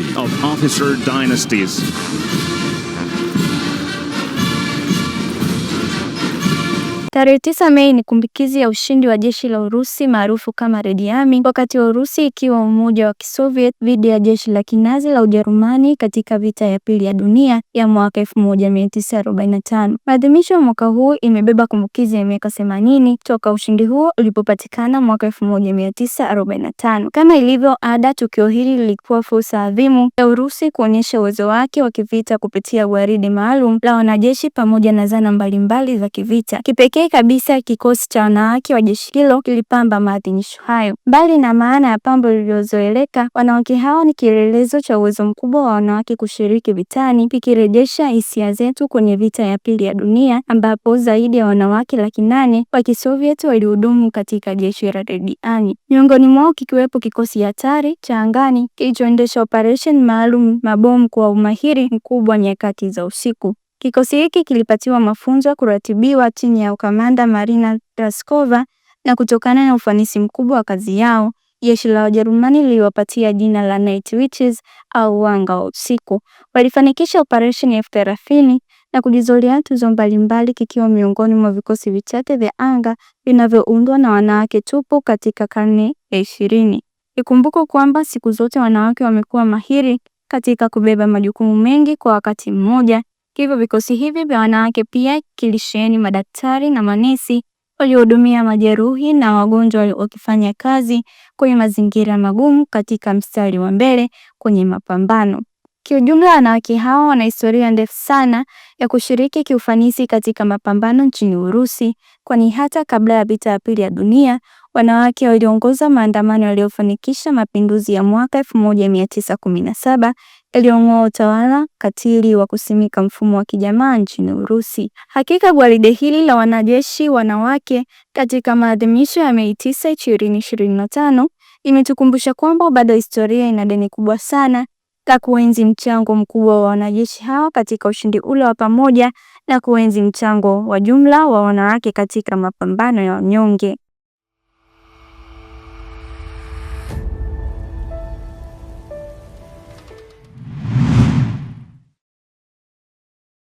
of officer dynasties. Tarehe tisa Mei ni kumbukizi ya ushindi wa jeshi la Urusi maarufu kama Red Army, wakati wa Urusi ikiwa umoja wa Kisoviet dhidi ya jeshi la Kinazi la Ujerumani katika vita ya pili ya dunia ya mwaka 1945. Maadhimisho ya mwaka huu imebeba kumbukizi ya miaka 80 toka ushindi huo ulipopatikana mwaka 1945. Kama ilivyo ada, tukio hili lilikuwa fursa adhimu ya Urusi kuonyesha uwezo wake wa kivita kupitia gwaride maalum la wanajeshi pamoja na zana mbalimbali za kivita. Kipekee Awali kabisa kikosi cha wanawake wa jeshi hilo kilipamba maadhimisho hayo. Mbali na maana ya pambo lililozoeleka, wanawake hao ni kielelezo cha uwezo mkubwa wa wanawake kushiriki vitani, kikirejesha hisia zetu kwenye vita ya pili ya dunia, ambapo zaidi ya wanawake laki nane wa Kisovieti walihudumu katika jeshi la rediani, miongoni mwao kikiwepo kikosi hatari cha angani kilichoendesha operesheni maalum mabomu kwa umahiri mkubwa nyakati za usiku. Kikosi hiki kilipatiwa mafunzo, kuratibiwa chini ya ukamanda Marina Raskova na kutokana na ufanisi mkubwa wa kazi yao, jeshi la Wajerumani liliwapatia jina la Night Witches au wanga wa usiku. Walifanikisha operesheni elfu thelathini na kujizolea tuzo mbalimbali, kikiwa miongoni mwa vikosi vichache vya anga vinavyoundwa na wanawake tupu katika karne ya ishirini. Ikumbuko kwamba siku zote wanawake wamekuwa mahiri katika kubeba majukumu mengi kwa wakati mmoja, Hivyo vikosi hivi vya wanawake pia kilisheheni madaktari na manesi waliohudumia majeruhi na wagonjwa wakifanya kazi kwenye mazingira magumu katika mstari wa mbele kwenye mapambano. Kiujumla, wanawake hawa wana historia ndefu sana ya kushiriki kiufanisi katika mapambano nchini Urusi, kwani hata kabla ya vita ya pili ya dunia Wanawake waliongoza maandamano yaliyofanikisha mapinduzi ya mwaka 1917 yaliyong'oa utawala katili wa kusimika mfumo wa kijamaa nchini Urusi. Hakika gwaride hili la wanajeshi wanawake katika maadhimisho ya Mei 9, 2025 imetukumbusha kwamba bado historia ina deni kubwa sana la kuenzi mchango mkubwa wa wanajeshi hawa katika ushindi ule wa pamoja na kuenzi mchango wa jumla wa wanawake katika mapambano ya wanyonge.